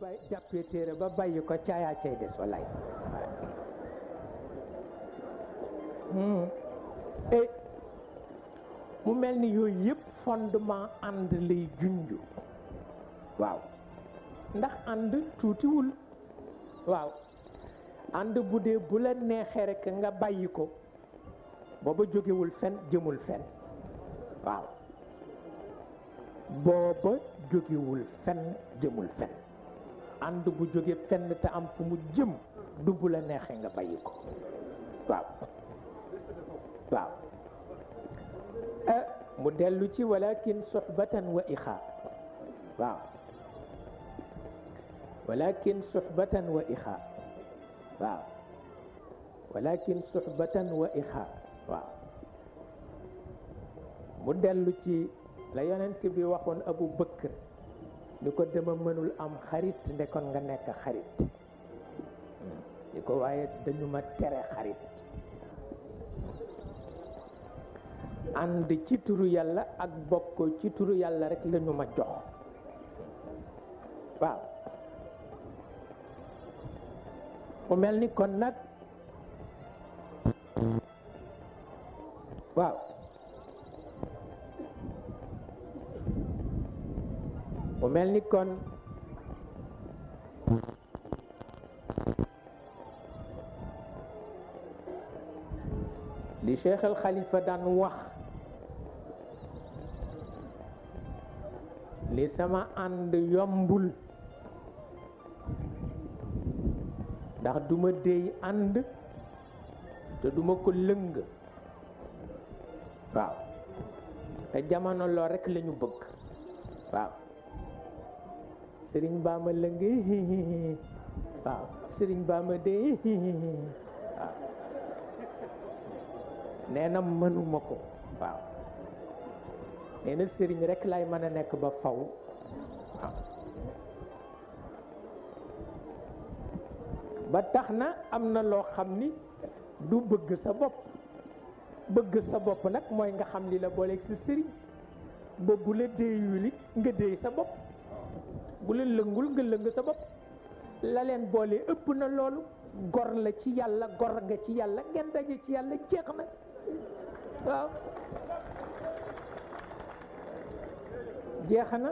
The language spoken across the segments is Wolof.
bay téere ba bàyyi ko caayaa cay des hmm. eh, mel ni yooyu yëpp fondement ànd lay junju waaw ndax ànd tuutiwul waaw ànd bu dee bu la neexee rekk nga bàyyi ko booba jógewul fen jëmul fen waaw booba jógewul fen jëmul fen ànd bu jóge fenn te am fu mu jëm du la neexee nga bàyyi ko waaw waaw ah, mu dellu ci walakin suxbatan wa ixaa waaw walakin suxbatan wa ixaa waaw walakin wa ixaa waaw mu dellu ci la yonent bi waxoon abu bëkkër ni ko dama mënul am xarit nde kon nga nekk xarit ni ko waaye dañu ma tere xarit ànd ci turu yàlla ak bokk ci turu yàlla rek lañu ma jox waaw mu mel ni kon nag waaw Omel ni kon li cheikh al khalifa dan wax li sama and yombul ndax duma dey and te duma ko leung waaw te jamono lo rek lañu bëgg waaw sëriñ baama lëng waaw sëriñ baama dee waaw nee na mënuma ko waaw nee sëriñ rekk lay mën a nekk ba faw ba tax na am na loo xam ni du bëgg sa bopp bëgg sa bopp nag mooy nga xam li la booleeg si sëriñ ba bu la déeyul it nga déey sa bopp bu la lëngul nga lëng sa la leen boole ëpp na loolu gor la ci yàlla gor nga ci yàlla ngeen daje ci yàlla jeex na waaw jeex na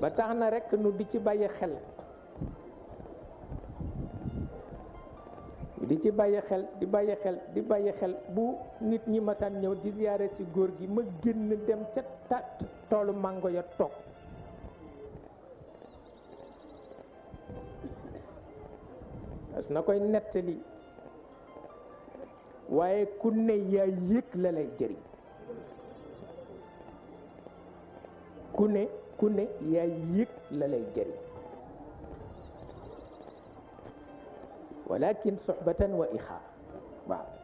ba tax na rekk nu di ci bàyyi xel di ci bàyyi xel di bàyyi xel di bàyyi xel bu nit ñi masaan ñëw di ziyaare ci góor gi ma génn dem ca ta toolu màngo ya toog parce na koy nettali waaye ku ne yaa yëg la lay jëriñ ku ne ku ne yaa yëg la lay jëriñ ولكن صحبة وإخاء نعم.